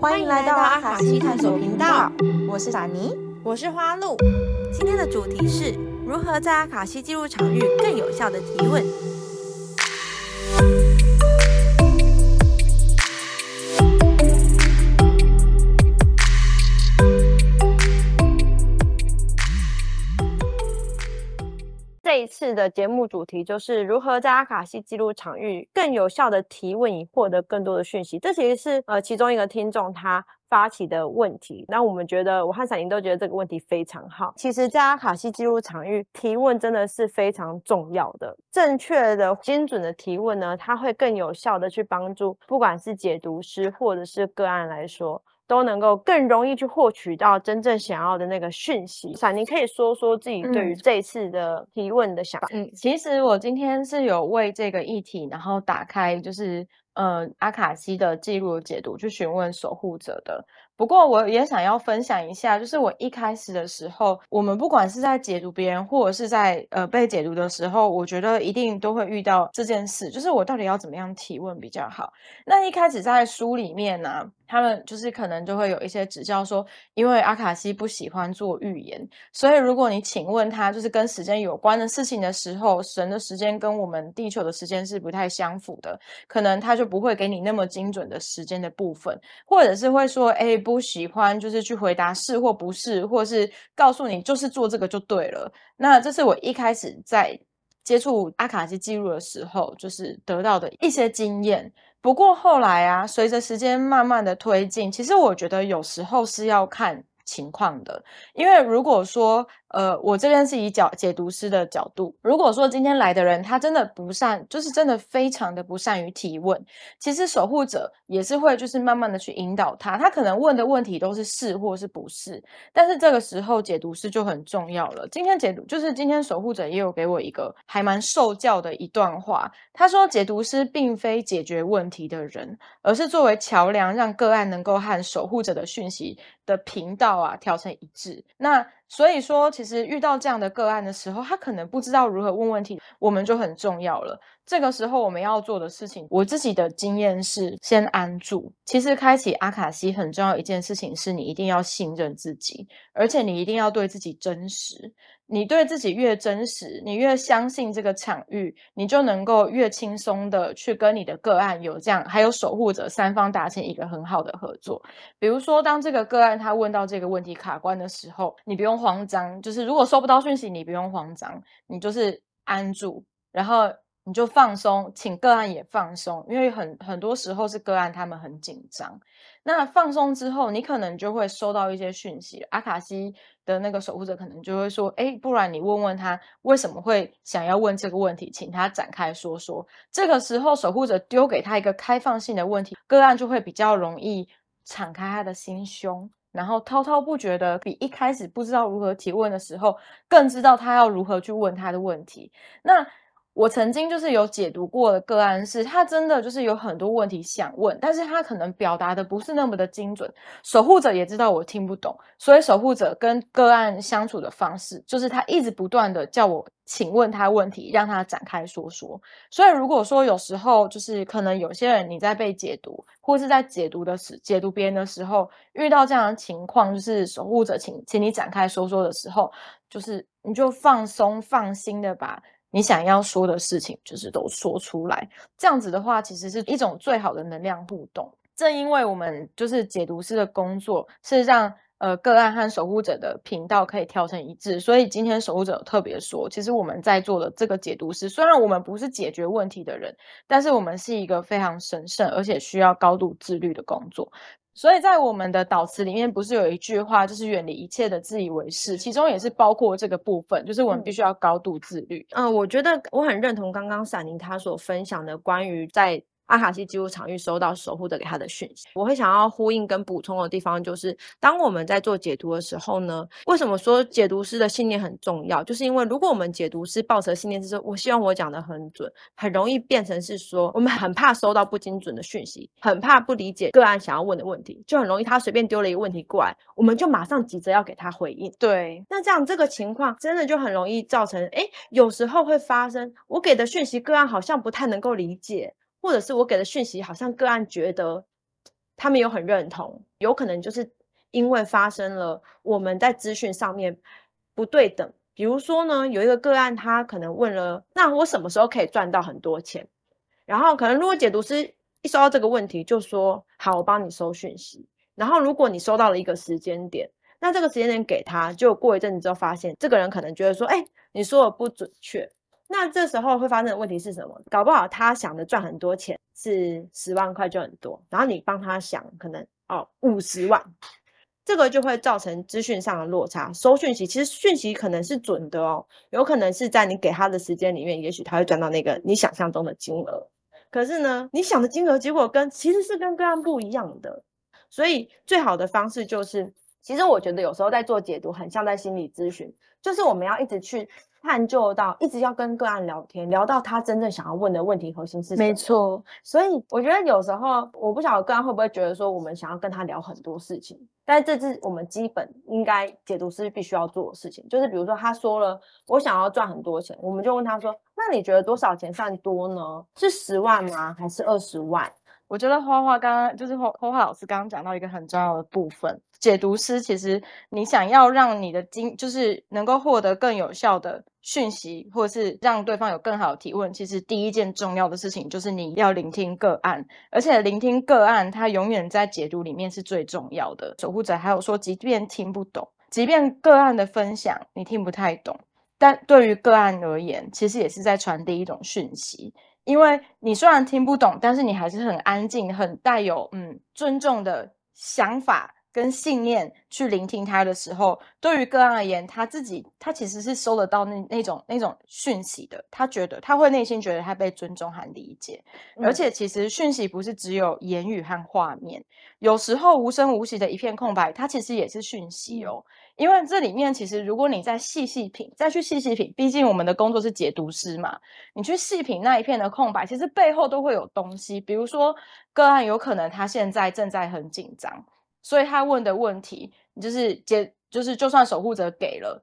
歡迎來到阿卡西探索頻道，我是閃妮，我是花陸。今天的主題是如何在阿卡西紀錄場域更有效的提問。是的，節目主題就是如何在阿卡西紀錄場域更有效的提問，以獲得更多的訊息。這其實是呃其中一個聽眾他發起的問題。那我們覺得，我和閃妮都覺得這個問題非常好。其實，在阿卡西紀錄場域提問真的是非常重要的。正確的、精準的提問呢，它會更有效的去幫助，不管是解讀師或者是個案來說都能夠更容易去獲取到真正想要的那個訊息。閃妮，可以說說自己對於這次的提問的想法。嗯，其實我今天是有為這個議題，然後打開就是呃阿卡西的記錄解讀，去詢問守護者的。不過，我也想要分享一下，就是我一開始的時候，我們不管是在解讀別人，或者是在呃被解讀的時候，我覺得一定都會遇到這件事，就是我到底要怎麼樣提問比較好。那一開始在書裡面呢、啊？他們就是可能就會有一些指教說，因為阿卡西不喜歡做預言，所以如果你請問他就是跟時間有關的事情的時候，神的時間跟我們地球的時間是不太相符的，可能他就不會給你那麼精準的時間的部分，或者是會說，哎，不喜歡就是去回答是或不是，或是告訴你就是做這個就對了。那這是我一開始在接觸阿卡西記錄的時候，就是得到的一些經驗。不過後來啊，隨着時間慢慢的推進，其實我覺得有時候是要看情況的，因為如果說。呃，我這邊是以角解讀師的角度。如果說今天來的人他真的不善，就是真的非常的不善於提問，其實守護者也是會，就是慢慢的去引導他。他可能問的問題都是是或是不是，但是這個時候解讀師就很重要了。今天解讀就是今天守護者也有給我一個還蠻受教的一段話。他說，解讀師並非解決問題的人，而是作為橋樑，讓個案能夠和守護者的訊息的頻道啊調成一致。那。所以說，其實遇到這樣的個案的時候，他可能不知道如何問問題，我們就很重要了。這個時候我們要做的事情，我自己的經驗是先安住。其實開啟阿卡西很重要一件事情是你一定要信任自己，而且你一定要對自己真實。你對自己越真實，你越相信這個場域，你就能夠越輕鬆的去跟你的個案有、有這樣還有守護者三方達成一個很好的合作。比如說，當這個個案他問到這個問題卡關的時候，你不用慌張。就是如果收不到訊息，你不用慌張，你就是安住，然後。你就放鬆，請個案也放鬆，因為很很多時候是個案，他們很緊張。那放鬆之後，你可能就會收到一些訊息。阿卡西的那個守護者可能就會說：“誒，不然你問問他為什麼會想要問這個問題，請他展開說說。”這個時候，守護者丟給他一個開放性的問題，個案就會比較容易敞開他的心胸，然後滔滔不絕的，比一開始不知道如何提問的時候更知道他要如何去問他的問題。那。我曾經就是有解讀過的個案是，他真的就是有很多問題想問，但是他可能表達的不是那麼的精準。守護者也知道我聽不懂，所以守護者跟個案相處的方式，就是他一直不斷的叫我，請問他問題，讓他展開說說。所以如果說有時候就是可能有些人你在被解讀，或是在解讀的時解讀別人的時候，遇到這樣的情況，就是守護者請請你展開說說的時候，就是你就放鬆放心的吧，你想要說的事情，就是都說出來。這樣子的話，其實是一種最好的能量互動。正因為我們就是解讀師的工作，是讓呃個案和守護者的頻道可以調成一致，所以今天守護者特別說，其實我們在做的這個解讀師，雖然我們不是解決問題的人，但是我們是一個非常神聖而且需要高度自律的工作。所以在我們的導詞裡面，不是有一句話就是遠離一切的自以為是？其中也是包括這個部分，就是我們必須要高度自律。嗯，呃，我覺得我很認同剛剛閃妮他所分享的關於在。阿卡西紀錄場域收到守護者給他的訊息，我會想要呼應跟補充的地方就是，當我們在做解讀的時候呢，為什麼說解讀師的信念很重要？就是因為如果我們解讀師抱持的信念是說，我希望我講得很準，很容易變成是說，我們很怕收到不精準的訊息，很怕不理解個案想要問的問題，就很容易他隨便丟了一個問題過來，我們就馬上急着要給他回應。對，那這樣這個情況真的就很容易造成，誒，有時候會發生，我給的訊息個案好像不太能夠理解。或者是我給的訊息，好像個案覺得他們有很認同，有可能就是因為發生了我們在資訊上面不對等。比如說呢，有一個個案他可能問了，那我什麼時候可以賺到很多錢？然後可能如果解讀師一收到這個問題，就說好，我幫你收訊息。然後如果你收到了一個時間點，那這個時間點給他，就過一陣子之後發現，這個人可能覺得說，哎、欸，你說的不準確。那這時候會發生的問題是什麼？搞不好他想的賺很多錢是十萬塊就很多，然後你幫他想可能哦五十萬，這個就會造成資訊上的落差。收訊息其實訊息可能是準的哦，有可能是在你給他的時間裡面，也許他會賺到那個你想象中的金額。可是呢，你想的金額結果跟其實是跟個案不一樣的。所以最好的方式就是，其實我覺得有時候在做解讀很像在心理諮詢，就是我們要一直去。探究到，一直要跟個案聊天，聊到他真正想要問的問題核心是什麼？沒錯，所以我覺得有時候，我不曉得個案會不會覺得說我們想要跟他聊很多事情，但是這是我們基本，應該解讀師必須要做的事情。就是比如說他說了，我想要賺很多錢，我們就問他說，那你覺得多少錢算多呢？是十萬嗎？還是二十萬？我覺得花花剛剛就是花，花花老師剛剛講到一個很重要的部分，解讀師其實你想要讓你的經就是能夠獲得更有效的訊息，或者是讓對方有更好的提問，其實第一件重要的事情就是你要聆聽個案，而且聆聽個案，它永遠在解讀裡面是最重要的守護者。還有說，即便聽不懂，即便個案的分享你聽不太懂，但對於個案而言，其實也是在傳遞一種訊息。因為你雖然聽不懂，但是你還是很安靜，很帶有嗯尊重的想法，跟信念去聆聽他的時候，對於個案而言，他自己他其實是收得到那那種那種訊息的。他覺得他會內心覺得他被尊重和理解，而且其實訊息不是只有言語和畫面，有時候無聲無息的一片空白，它其實也是訊息哦。因為這裡面其實如果你再細細品，再去細細品，畢竟我們的工作是解讀師嘛，你去細品那一片的空白，其實背後都會有東西。比如說個案有可能他現在正在很緊張。所以他問的問題就是，就就是，就算守護者給了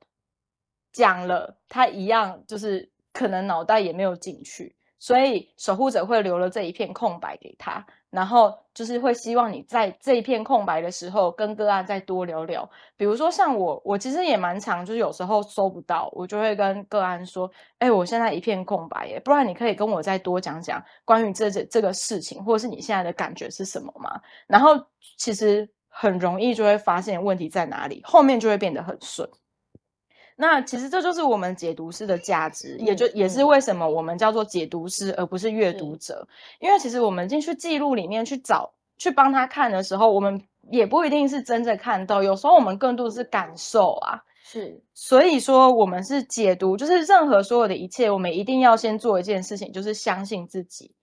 講了，他一樣就是可能腦袋也沒有進去，所以守護者會留了這一片空白給他，然後就是會希望你在這一片空白的時候跟個案再多聊聊。比如說像我，我其實也蠻常，就是有時候搜不到，我就會跟個案說：“欸，我現在一片空白耶，不然你可以跟我再多講講關於這這這個事情，或是你現在的感覺是什麼嗎？”然後其實。很容易就會發現問題在哪裡，後面就會變得很順。那其實這就是我們解讀師的價值，嗯，也就也是為什麼我們叫做解讀師而不是閱讀者，因為其實我們進去記錄裡面去找去幫他看的時候，我們也不一定是真的看到，有時候我們更多的是感受啊。是，所以說我們是解讀，就是任何所有的一切，我們一定要先做一件事情，就是相信自己，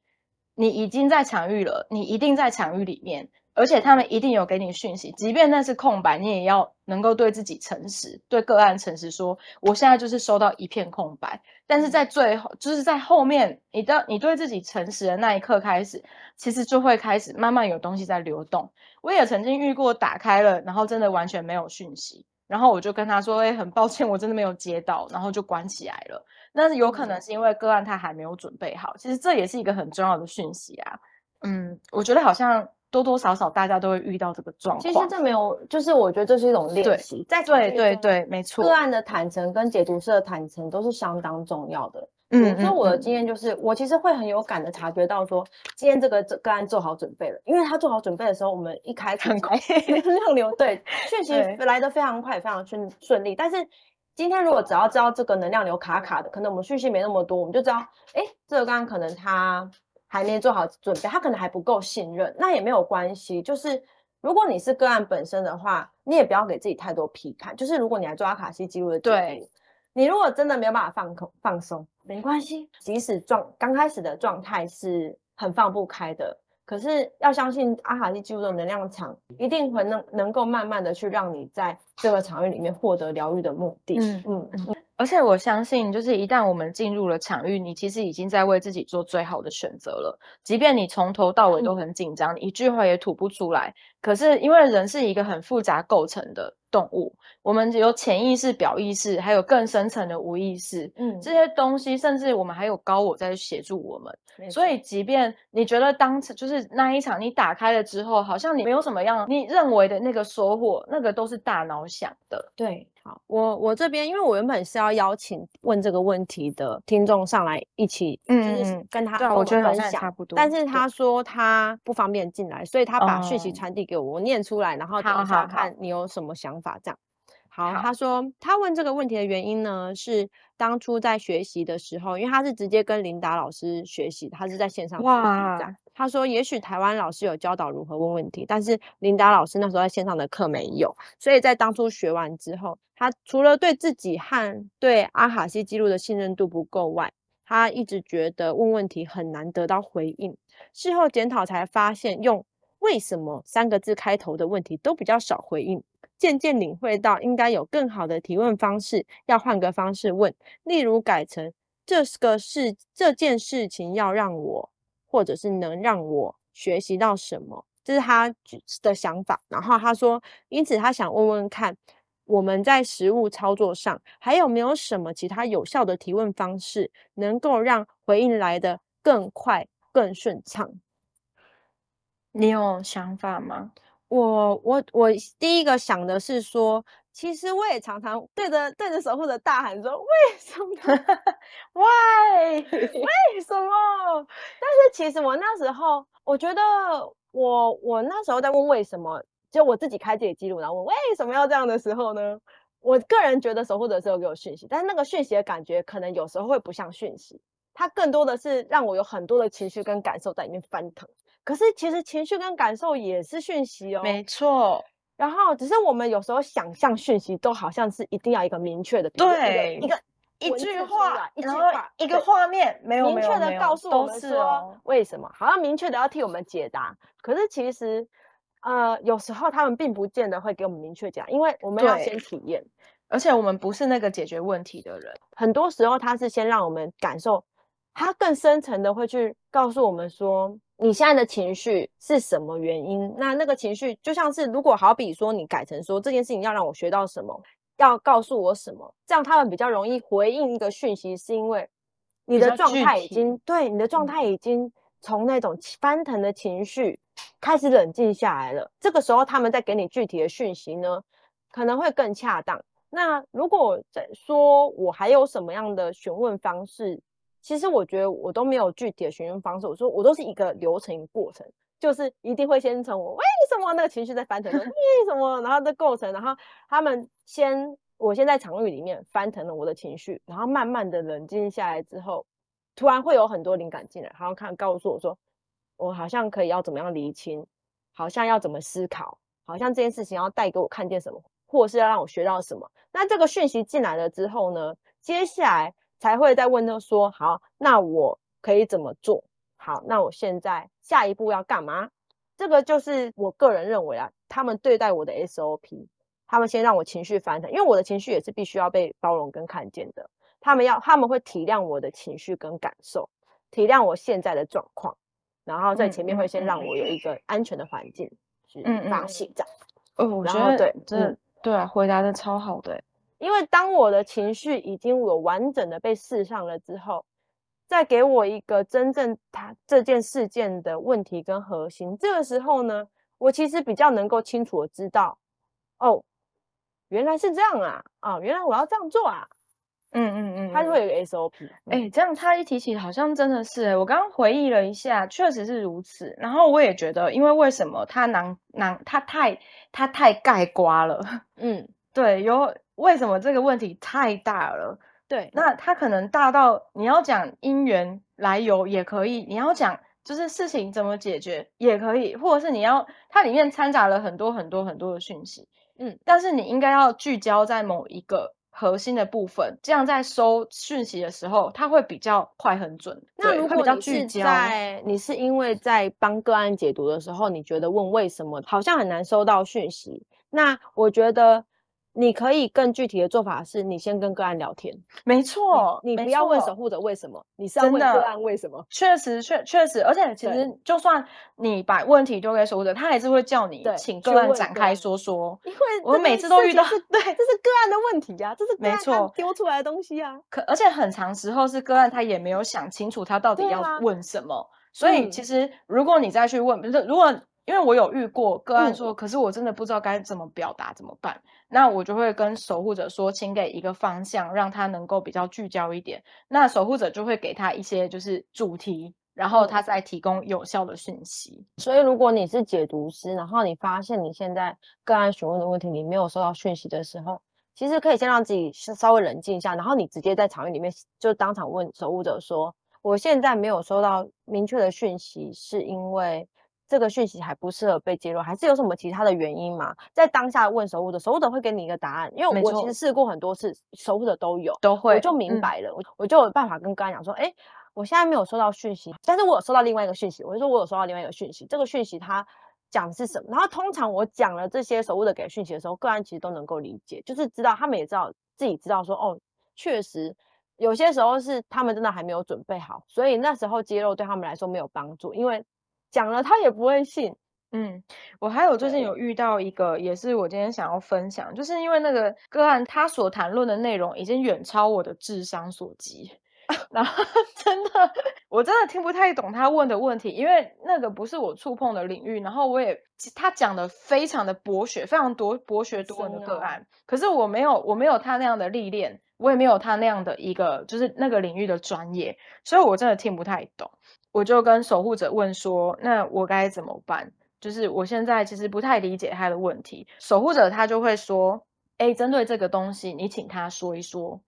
你已經在場域了，你一定在場域裡面。而且他們一定有給你訊息，即便那是空白，你也要能夠對自己誠實，對個案誠實說，說我現在就是收到一片空白。但是在最後，就是在後面，你的你對自己誠實的那一刻開始，其實就會開始慢慢有東西在流動。我也曾經遇過，打開了，然後真的完全沒有訊息，然後我就跟他說：“誒、哎、很抱歉，我真的沒有接到。”然後就關起來了。但是有可能是因為個案他還沒有準備好。其實這也是一個很重要的訊息啊。嗯，我覺得好像。多多少少大家都會遇到這個狀況。其實這沒有，就是我覺得這是一種練習。對在對對對，沒錯。個案的坦誠跟解讀師的坦誠都是相當重要的。嗯嗯，嗯。所、嗯、以、嗯、我的經驗就是，我其實會很有感的察覺到說，說今天這個個案做好準備了，因為他做好準備的時候，我們一開場， 能量流，對訊息 來的非常快，非常順順利。但是今天如果只要知道這個能量流卡卡的，可能我們訊息沒那麼多，我們就知道，哎，這個剛剛可能他。還沒做好準備，他可能還不夠信任，那也沒有關係。就是如果你是個案本身的話，你也不要給自己太多批判。就是如果你來做阿卡西記錄的，對，你如果真的沒有辦法放空放鬆，沒關係。即使狀剛開始的狀態是很放不開的，可是要相信阿卡西記錄的能量場一定會能能夠慢慢的去讓你在這個場域裡面獲得療癒的目的。嗯嗯。嗯而且我相信，就是一旦我們進入了場域，你其實已經在為自己做最好的選擇了。即便你從頭到尾都很緊張，你、嗯、一句話也吐不出來。可是，因為人是一個很複雜構成的動物，我們只有潛意識、表意識，還有更深層的無意識。嗯，這些東西，甚至我們還有高我，在協助我們。所以，即便你覺得當時就是那一場你打開了之後，好像你沒有什麼樣，你認為的那個收穫，那個都是大腦想的。對。好，我我這邊，因為我原本是要邀請問這個問題的聽眾上來一起，嗯，就是跟他我們分享。對，我覺得好像差不多。但是他說他不方便進來，所以他把訊息傳遞給我，哦，我念出來，然後等一下看你有什麼想法，好好好。這樣。好，他說他問這個問題的原因呢，是當初在學習的時候，因為他是直接跟琳達老師學習，他是在線上。哇，他說也許台灣老師有教導如何問問題，但是琳達老師那時候在線上的課沒有，所以在當初學完之後，他除了對自己和對阿卡西記錄的信任度不夠外，他一直覺得問問題很難得到回應。事後檢討才發現，用“為什麼”三個字開頭的問題都比較少回應。漸漸領會到，應該有更好的提問方式，要換個方式問。例如，改成這個事，這件事情要讓我，或者是能讓我學習到什麼，這是他的想法。然後他說，因此他想問問看，我們在實務操作上還有沒有什麼其他有效的提問方式，能夠讓回應來得更快、更順暢。你有想法嗎？我我我第一個想的是說，其實我也常常對着對着守護者大喊說，為什麼？為 Why? 為什麼？但是其實我那時候，我覺得我我那時候在問為什麼，就我自己開自己記錄，然後我為什麼要這樣的時候呢？我個人覺得守護者是有給我訊息，但是那個訊息的感覺，可能有時候會不像訊息，它更多的是讓我有很多的情緒跟感受在裡面翻騰。可是其實情緒跟感受也是訊息哦，沒錯。然後只是我們有時候想象訊息都好像是一定要一個明確的，對，一個，一個文字是不是，啊、一句話，一句話，一個畫面，沒有明確的告訴我們說，哦、為什麼，好像明確的要替我們解答。可是其實，呃，有時候他們並不見得會給我們明確講，因為我們要先體驗，而且我們不是那個解決問題的人。很多時候他是先讓我們感受。他更深層的會去告訴我們說，你現在的情緒是什麼原因？那那個情緒就像是，如果好比說你改成說這件事情要讓我學到什麼，要告訴我什麼，這樣他們比較容易回應一個訊息，是因為你的狀態已經，對，你的狀態已經從那種翻騰的情緒開始冷靜下來了。嗯、這個時候他們再給你具體的訊息呢，可能會更恰當。那如果說我還有什麼樣的詢問方式？其實我覺得我都沒有具體的詢問方式，我說我都是一個流程、一個過程，就是一定會先從我為什麼那個情緒在翻騰， 為什麼，然後再構成，然後他們先我先在場域裡面翻騰了我的情緒，然後慢慢的冷靜下來之後，突然會有很多靈感進來，然後看告訴我說，我好像可以要怎麼樣釐清，好像要怎麼思考，好像這件事情要帶給我看見什麼，或者是要讓我學到什麼。那這個訊息進來了之後呢，接下來。才會再問他說，好，那我可以怎麼做？好，那我現在下一步要幹嘛？這個就是我個人認為啊，他們對待我的 SOP，他們先讓我情緒反彈，因為我的情緒也是必須要被包容跟看見的。他們要他們會體諒我的情緒跟感受，體諒我現在的狀況，然後在前面會先讓我有一個安全的環境去發洩。這樣、嗯嗯嗯，哦，我覺得對，嗯，對，回答的超好的、欸，對。因為當我的情緒已經有完整的被試上了之後，再給我一個真正他這件事件的問題跟核心，這個時候呢，我其實比較能夠清楚的知道，哦，原來是這樣啊啊、哦，原來我要這樣做啊，嗯嗯嗯，它就會有個 SOP，哎、嗯欸，這樣他一提起，好像真的是，我剛剛回憶了一下，確實是如此。然後我也覺得，因為為什麼他難難，他太他太概括了，嗯，對，有。為什麼這個問題太大了？對，那它可能大到你要講因緣來由也可以，你要講就是事情怎麼解決也可以，或者是你要它裡面摻雜了很多很多很多的訊息，嗯，但是你應該要聚焦在某一個核心的部分，這樣在收訊息的時候，它會比較快很準。那如果要聚焦在你是因為在幫個案解讀的時候，你覺得問為什麼好像很難收到訊息，那我覺得。你可以更具體的做法是，你先跟個案聊天。沒錯，你不要問守護者為什麼，你是要問個案為什麼。確實，確確實，而且其實就算你把問題丟給守護者，他還是會叫你請個案展開說說。因為我每次都遇到，對，這是個案的問題呀，啊，這是個案丟出來的東西啊。可而且很長時候是個案，他也沒有想清楚他到底要問什麼，啊、所以其實如果你再去問，比如說，如果。因為我有遇過個案說，嗯，可是我真的不知道該怎麼表達怎麼辦？那我就會跟守護者說，請給一個方向，讓他能夠比較聚焦一點。那守護者就會給他一些就是主題，然後他再提供有效的訊息。嗯，所以，如果你是解讀師，然後你發現你現在個案詢問的問題你沒有收到訊息的時候，其實可以先讓自己稍微冷靜一下，然後你直接在場域裡面就當場問守護者說：“我現在沒有收到明確的訊息，是因為？”這個訊息還不適合被揭露，還是有什麼其他的原因嗎？在當下問守護者，守護者會給你一個答案。因為我其實試過很多次，守護者都有，都會，我就明白了，嗯、我就有辦法跟個案講說，誒、欸、我現在沒有收到訊息，但是我有收到另外一個訊息，我就說我有收到另外一個訊息。這個訊息它講的是什麼？然後通常我講了這些守護者給訊息的時候，個案其實都能夠理解，就是知道他們也知道自己知道說，哦，確實有些時候是他們真的還沒有準備好，所以那時候揭露對他們來說沒有幫助，因為。講了他也不會信。嗯，我還有最近有遇到一個，也是我今天想要分享，就是因為那個個案他所談論的內容已經遠超我的智商所及，啊、然後 真的，我真的聽不太懂他問的問題，因為那個不是我觸碰的領域，然後我也他講的非常的博學，非常多博學多聞的個案、哦，可是我沒有，我沒有他那樣的歷練，我也沒有他那樣的一個就是那個領域的專業，所以我真的聽不太懂。我就跟守護者問說：“那我該怎麼辦？”就是我現在其實不太理解他的問題。守護者他就會說：“誒、欸，針對這個東西，你請他說一說。”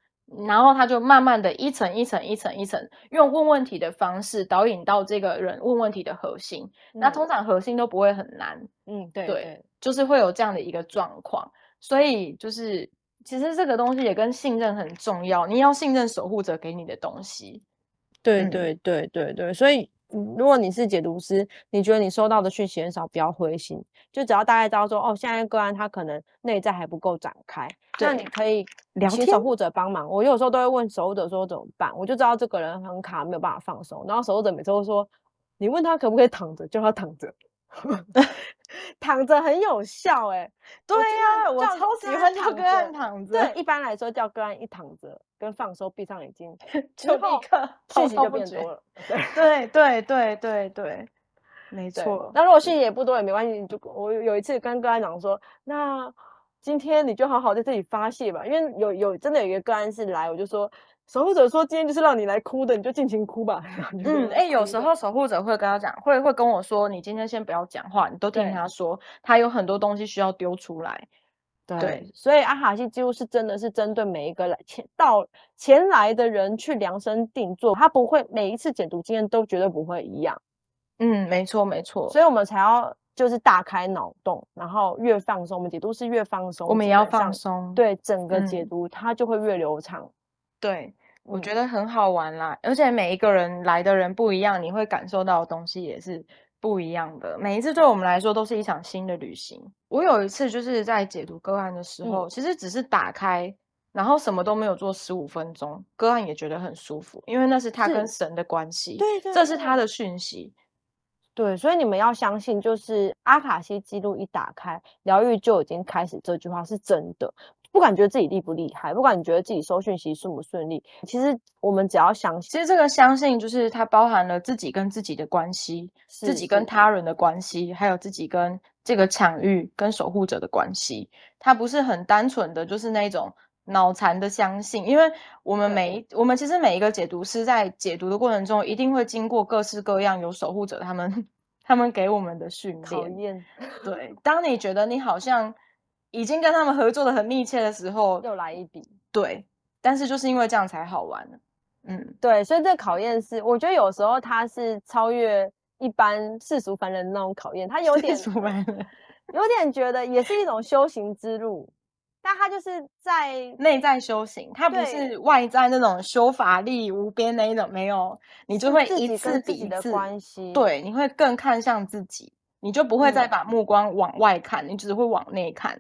然後他就慢慢的一層一層一層一層，用問問題的方式導引到這個人問問題的核心。嗯、那通常核心都不會很難。嗯對，對，就是會有這樣的一個狀況。所以就是其實這個東西也跟信任很重要。你要信任守護者給你的東西。對，對對對對對，嗯、所以如果你是解讀師，你覺得你收到的訊息很少，不要灰心，就只要大概知道說，哦，現在個案他可能內在還不夠展開，那你可以請守護者幫忙。我有時候都會問守護者說怎麼辦，我就知道這個人很卡，沒有辦法放手，然後守護者每次都說，你問他可不可以躺着，叫他躺着。 躺着很有效誒、欸、對呀、啊，我超喜歡叫個案躺着。對，一般來說叫個案一躺着跟放鬆、閉上眼睛，就立刻訊息就變多了 對對對對對,對， 沒錯。那如果信息也不多也沒關係，就我有一次跟個案講說，那今天你就好好在這裡發泄吧，因為有有真的有一個個案是來，我就說。守護者說：“今天就是讓你來哭的，你就盡情哭吧。”嗯，哎、 欸，有時候守護者會跟他講，會會跟我說：“你今天先不要講話，你都聽他說，他有很多東西需要丟出來。對”對，所以阿卡西幾乎是真的是針對每一個來前到前來的人去量身定做，他不會每一次解讀經驗都絕對不會一樣。嗯，沒錯沒錯，所以我們才要就是大開腦洞，然後越放鬆，我們解讀是越放鬆，我們也要放鬆，對整個解讀、嗯、它就會越流暢。對。我覺得很好玩啦，而且每一個人來的人不一樣，你會感受到的東西也是不一樣的。每一次對我們來說都是一場新的旅行。我有一次就是在解讀個案的時候，嗯，其實只是打開，然後什麼都沒有做十五分鐘，個案也覺得很舒服，因為那是他跟神的關係，是，對對對，這是他的訊息。對，所以你們要相信，就是阿卡西記錄一打開，療癒就已經開始，這句話是真的。不管覺得自己厲不厲害，不管你覺得自己收訊息順不順利，其實我們只要相信，其實這個相信就是它包含了自己跟自己的關係，自己跟他人的關係，還有自己跟這個場域跟守護者的關係。它不是很單純的，就是那種腦殘的相信，因為我們每我們其實每一個解讀師在解讀的過程中，一定會經過各式各樣有守護者他們他們給我們的訓練。討厭，對，當你覺得你好像。已經跟他們合作的很密切的時候，又來一筆，對，但是就是因為這樣才好玩，嗯，對，所以這個考驗是，我覺得有時候他是超越一般世俗凡人那種考驗，他有點，有點覺得也是一種修行之路， 但他就是在內在修行，他不是外在那種修法力無邊那一種，沒有，你就會一次比一次跟自己跟自己的關係。對，你會更看向自己，你就不會再把目光往外看，嗯、你只會往內看。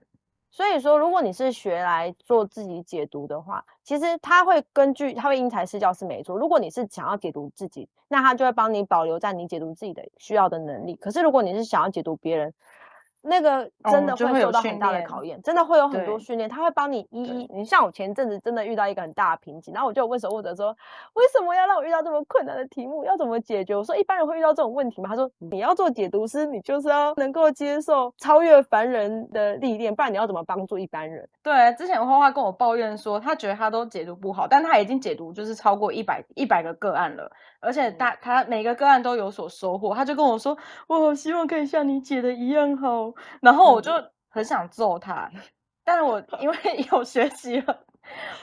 所以說，如果你是學來做自己解讀的話，其實他會根據，他會因材施教是沒錯。如果你是想要解讀自己，那他就會幫你保留在你解讀自己的需要的能力。可是，如果你是想要解讀別人，那個真的會受到很大的考驗，哦，真的會有很多訓練，他會幫你一，一，你像我前陣子真的遇到一個很大的瓶頸，然後我就問守護者說，為什麼要讓我遇到這麼困難的題目？要怎麼解決？我說一般人會遇到這種問題嗎？他說你要做解讀師，你就是要能夠接受超越凡人的歷練，不然你要怎麼幫助一般人？對，之前花花跟我抱怨說，他覺得他都解讀不好，但他已經解讀就是超過一百一百個個案了，而且大他，嗯，他每個個案都有所收穫，他就跟我說，我好希望可以像你解的一樣好。然後我就很想揍他，嗯，但是我因為有學習了，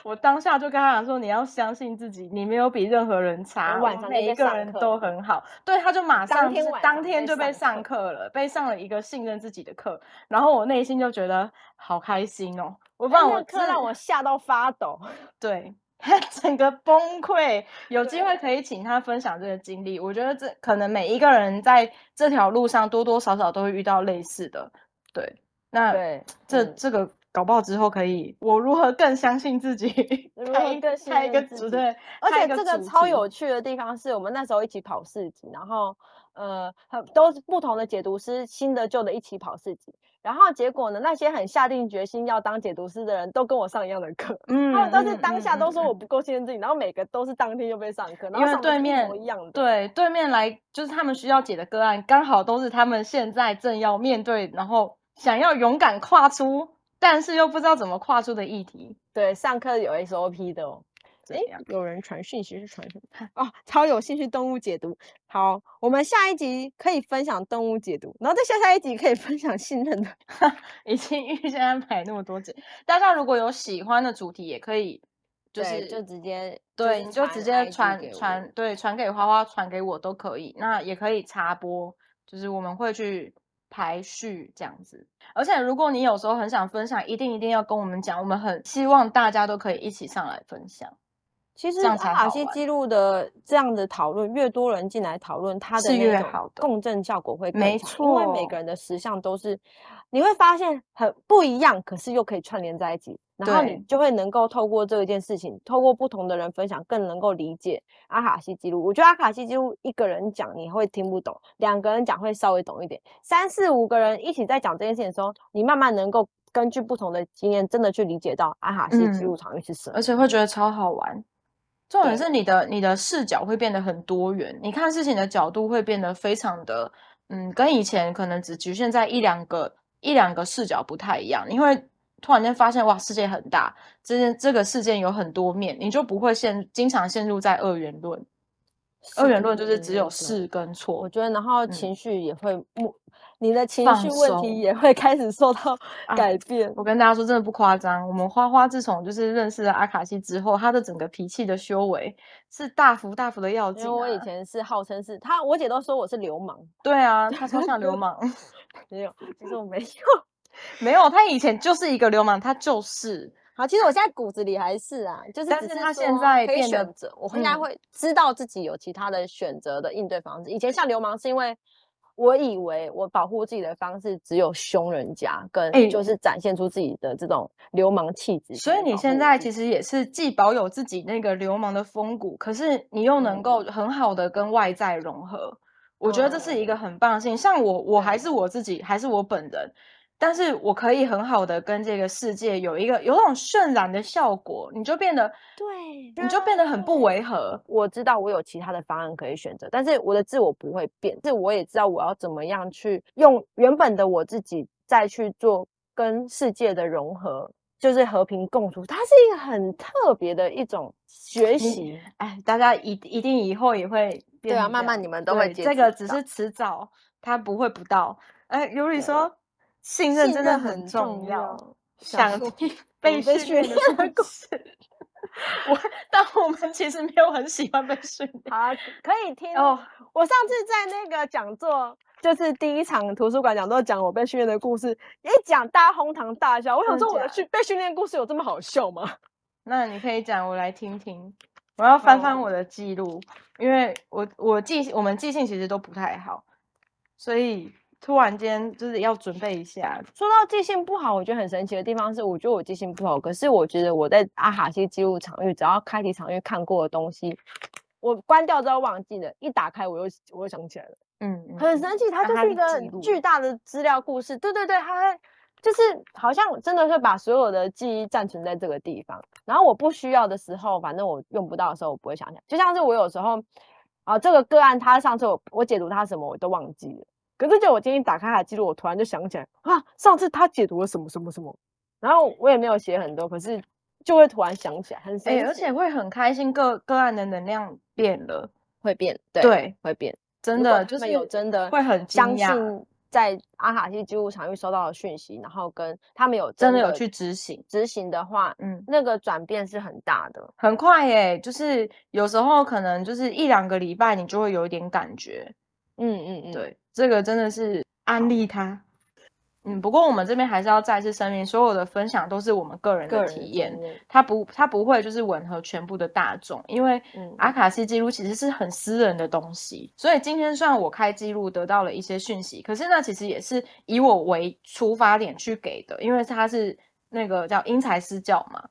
我當下就跟他講說：“你要相信自己，你沒有比任何人差，每一個人都很好。”對，他就馬上、就是、當天晚上、當天就被上課了，被上了一個信任自己的課。然後我內心就覺得好開心哦，我讓我課讓我嚇到發抖。對。 整個崩潰，有機會可以請他分享這個經歷。我覺得這可能每一個人在這條路上多多少少都會遇到類似的。對，那對這、嗯、這個。搞不好之後可以，我如何更相信自己？開 一個，開一個，對，而且這個超有趣的地方是我們那時候一起跑四級，然後呃，都是不同的解讀師，新的舊的一起跑四級，然後結果呢，那些很下定決心要當解讀師的人都跟我上一樣的課，嗯，他們都是當下都說我不夠信任自己，嗯，然後每個都是當天就被上課，然後對面，對對面來就是他們需要解的個案，剛好都是他們現在正要面對，然後想要勇敢跨出，但是又不知道怎麼跨出的議題，對，上課有 SOP 的哦。哎，有人傳訊息是傳什麼？哦，超有興趣動物解讀。好，我們下一集可以分享動物解讀，然後在下下一集可以分享信任的。 已經預先安排那麼多集，大家如果有喜歡的主題，也可以，就是對就直接對，你就直接傳，對，直接傳，傳，對，傳給花花，傳給我都可以。那也可以插播，就是我們會去排序這樣子，而且如果你有時候很想分享，一定一定要跟我們講，我們很希望大家都可以一起上來分享。其實阿卡西記錄的這樣的討論，越多人進來討論，它的越好，共振效果會更好。因為每個人的實相都是。你會發現很不一樣，可是又可以串聯在一起，然後你就會能夠透過這一件事情，透過不同的人分享，更能夠理解阿卡西記錄。我覺得阿卡西記錄一個人講你會聽不懂，兩個人講會稍微懂一點，三四五個人一起在講這件事情的時候，你慢慢能夠根據不同的經驗，真的去理解到阿卡西記錄場域是什麼。嗯，而且會覺得超好玩。重點是你的你的視角會變得很多元，你看事情的角度會變得非常的，嗯，跟以前可能只局限在一兩個，一兩個視角不太一樣，你會突然間發現，哇，世界很大，這件、個、這個事件有很多面，你就不會陷，經常陷入在二元論。二元論就是只有是跟錯、嗯。我覺得，然後情緒也會。嗯你的情緒問題也會開始受到改變。啊、我跟大家說，真的不誇張。我們花花自從就是認識了阿卡西之後，她的整個脾氣的修為是大幅大幅的要緊。啊，因為我以前是號稱是她，我姐都說我是流氓。對啊，她超像流氓。 沒有，其實我沒有，沒有。她以前就是一個流氓，她就是，好，其實我現在骨子裡還是啊，就是,是可以選擇。但是她現在可以選擇，我應該會知道自己有其他的選擇的應對方式。嗯、以前像流氓是因為。我以為我保護自己的方式只有凶人家跟，就是展現出自己的這種流氓氣質。欸，所以你現在其實也是既保有自己那個流氓的風骨，可是你又能夠很好的跟外在融合。嗯。我覺得這是一個很棒的事情。像我，我還是我自己，還是我本人。但是我可以很好的跟這個世界有一個，有那種渲染的效果，你就變得對，對，你就變得很不違和。我知道我有其他的方案可以選擇，但是我的自我不會變。這我也知道我要怎麼樣去用原本的我自己再去做跟世界的融合，就是和平共處。它是一個很特別的一種學習。哎，大家一一定以後也會變，對啊，慢慢你們都會，這個只是遲早，它不會不到。哎，尤里說。信任真的很重要。重要想聽被，被訓練的故事， 我但我們其實沒有很喜歡被訓練。好，可以聽哦。Oh, 我上次在那個講座，就是第一場圖書館講座，講我被訓練的故事，一講大家鬨堂大笑。我想說，我的訓的被訓練故事有這麼好笑嗎？那你可以講，我來聽聽。我要翻翻我的記錄，Oh. 因為我我記我們記性其實都不太好，所以。突然間就是要準備一下。說到記性不好，我覺得很神奇的地方是，我覺得我記性不好，可是我覺得我在阿卡西記錄場域，只要開啟場域看過的東西，我關掉之後忘記了，一打開我又我又想起來了，嗯，嗯，很神奇。它就是一個巨大的資料庫、啊、資料庫。對對對，它就是好像真的是把所有的記憶暫存在這個地方，然後我不需要的時候，反正我用不到的時候，我不會想起來。就像是我有時候啊，這個個案，他上次我我解讀他什麼我都忘記了。可是，就我今天打開他的記錄，我突然就想起來啊，上次他解讀了什麼什麼什麼，然後我也沒有寫很多，可是就會突然想起來，很哎、欸，而且會很開心個。個個案的能量變了，會變，對，對會變，真的就是有真的會，會很相信在阿卡西記錄場域，收到的訊息，然後跟他們有真的，真的有去執行，執行的話，嗯，那個轉變是很大的，很快耶。就是有時候可能就是一兩個禮拜，你就會有一點感覺，嗯嗯嗯，對。這個真的是安利他，嗯，不過我們這邊還是要再次聲明，所有的分享都是我們個人的體驗，他不它不會就是吻合全部的大眾，因為阿卡西記錄其實是很私人的東西，嗯，所以今天算我開記錄得到了一些訊息，可是那其實也是以我為出發點去給的，因為它是那個叫因材施教嘛。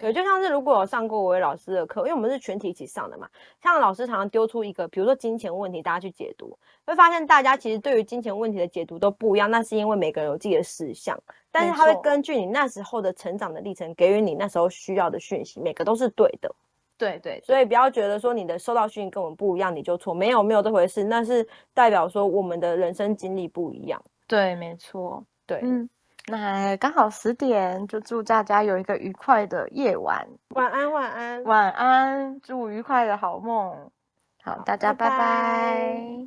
對，就像是如果有上過維維老師的課，因為我們是全體一起上的嘛，像老師常常丟出一個，比如說金錢問題，大家去解讀，會發現大家其實對於金錢問題的解讀都不一樣，那是因為每個人有自己的事項，但是他會根據你那時候的成長的歷程，給予你那時候需要的訊息，每個都是對的。對對，對，所以不要覺得說你的收到訊息跟我們不一樣，你就錯，沒有沒有這回事，那是代表說我們的人生經歷不一樣。對，沒錯，對，嗯。那剛好十點，就祝大家有一個愉快的夜晚，晚安，晚安，晚安，祝愉快的好夢，好，大家拜拜。拜拜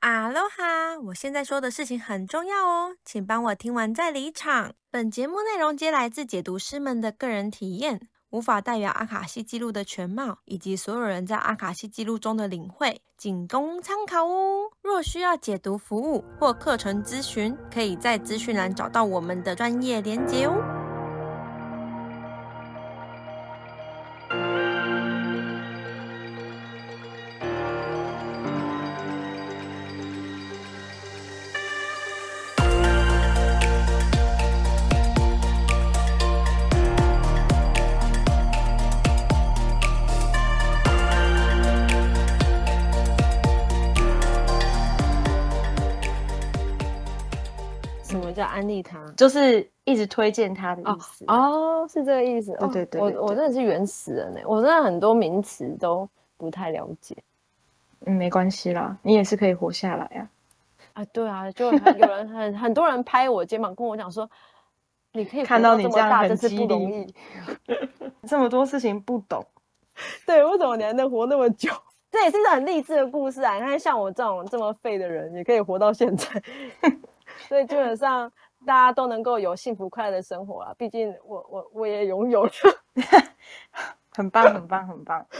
阿囉哈，我現在說的事情很重要哦，請幫我聽完再離場。本節目內容皆來自解讀師們的個人體驗。無法代表阿卡西記錄的全貌，以及所有人在阿卡西記錄中的領會，僅供參考哦。若需要解讀服務或課程諮詢，可以在資訊欄找到我們的專業連結哦。他就是一直推薦他的意思的哦，哦，是這個意思。哦。對對，我我真的是原始人呢，我真的很多名詞都不太了解。嗯，沒關係啦，你也是可以活下來呀、啊。啊，對啊，就有人很 很多人拍我肩膀，跟我講說，你可以活到這麼大，看到你這樣這是不容易。 這麼多事情不懂。 對，為什麼你還能活那麼久？ 這也是很勵志的故事啊！你看，像我這種這麼廢的人，也可以活到現在， 所以基本上。大家都能夠有幸福快樂的生活啊！畢竟我我我也擁有了， 很棒很棒很棒。